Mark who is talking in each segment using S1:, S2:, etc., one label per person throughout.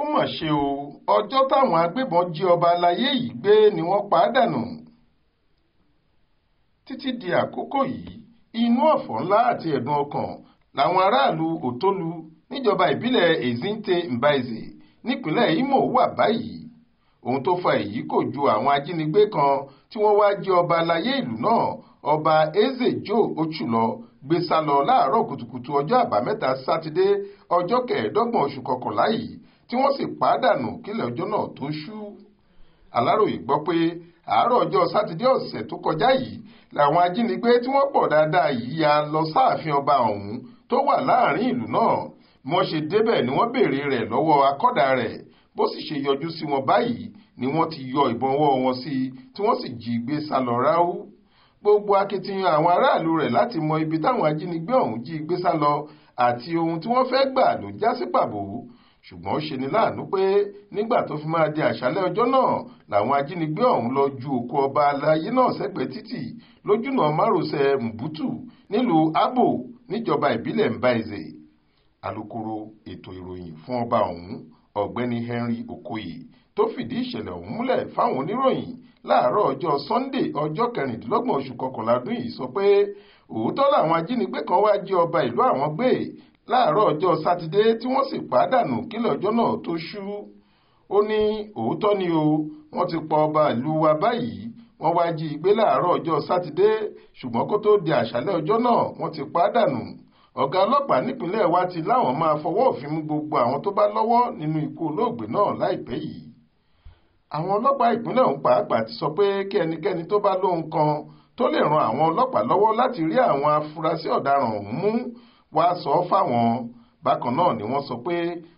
S1: ó mọ̀ ṣe o ọjọ́ táwọn agbébọn jí ọba aláyé yìí gbé ni wọ́n pa á dànù títí di àkókò yìí inú ọ̀fọ̀ ńlá àti ẹ̀dùn ọkàn làwọn aráàlú òtólú níjọba ìbílẹ̀ Ezinte Mbaise nípínlẹ̀ Imo wà báyìí ohun tó fa èyí kò ju àwọn ajínigbé kan tí wọ́n wá jí ọba aláyé ìlú náà ọba Ezejo Ochulọ gbé sá lọ láàárọ̀ kùtùkùtù ọjọ́ àbámẹ́ta sátidé ọjọ́ kẹẹ̀ẹ́dọ́gbọ̀n oṣù kọkànlá yìí tí wọ́n sì pàdánù kílẹ̀ ọjọ́ náà tó ṣú. aláròye gbọ́ pé àárọ̀ ọjọ́ sátidé ọ̀sẹ̀ tó kọjá yìí làwọn ajínigbé tí wọ́n pọ̀ dáadáa yìí ya lọ sáàfin ọba ọ̀hún tó wà láàrin ìlú náà bí wọ́n ṣe débẹ̀ ni wọ́n béèrè rẹ̀ lọ́wọ́ akọ́dà rẹ̀ bó sì ṣe yọjú sí wọn báyìí ni wọ́n ti yọ ìbọn ọwọ́ wọn sí i tí wọ́n sì jí gbé sá lọ ráú gbogbo akitiyan àwọn aráàlú rẹ̀ láti mọ ibi táwọn ajínigbé ọ̀hún jí gbé sá lọ àti ohun tí wọ́n fẹ́ gbà ló já sí pàbó ṣùgbọ́n ó ṣe ni láàánú pé nígbà tó fi máa di àṣálẹ́ ọjọ́ náà làwọn ajínigbé ọ̀hún lọ ju òkú ọba aláyé náà sẹ́gbẹ̀ẹ́ títì lójúnà márosẹ̀ mbutu nílùú abo níjọba ìbílẹ̀ mbaise alukoro ètò ìròyìn fún ọba ọ̀hún ọ̀gbẹ́ni henry okoye tó fìdí ìṣẹ̀lẹ̀ ọ̀hún múlẹ̀ fáwọn oníròyìn láàárọ̀ ọjọ́ sunday ọjọ́ kẹrìndínlọ́gbọ̀n oṣù kọkànlá ọdún yìí sọ pé òótọ́ làwọn ajínigbé kan wá jí ọba ìlú àwọn gbé láàárọ̀ ọjọ́ sátidé tí wọ́n sì pàdánù kílẹ̀ ọjọ́ náà tó ṣú ó ní òótọ́ ni o wọ́n ti pa ọba ìlú wa báyìí wọ́n wá jí i gbé láàárọ̀ ọjọ́ sátidé ṣùgbọ́n kó tó di àṣálẹ́ ọjọ́ náà wọ́n ti pàdánù ọ̀gá ọlọ́pàá nípínlẹ̀ wa ti láwọn máa fọwọ́ òfin mú gbogbo àwọn tó bá lọ́wọ́ nínú ikú olóògbé náà láìpẹ́ yìí àwọn ọlọ́pàá ìpínlẹ̀ ọ̀hún pàápàá ti sọ pé kí ẹnikẹ́ni tó bá lóhun kan tó lè ran àwọn ọlọ́pàá lọ́wọ́ láti rí àwọn afurasí ọ̀daràn ọ̀hún mú wá sọ fáwọn bákan náà ni wọ́n sọ pé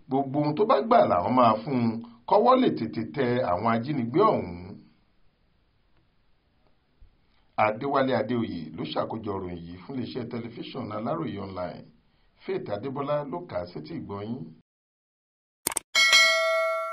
S1: gbogbo ohun tó bá gbà làwọn máa fún un kọ́wọ́ lè tètè tẹ àwọn ajínigbé ọ̀hún. Adéwálé Adéoyè ló ṣàkójọ ìròyìn yìí fún iléeṣẹ́ tẹlifíṣàn Aláròye online Faith Adébọlá ló kà á sétí ìgbọ́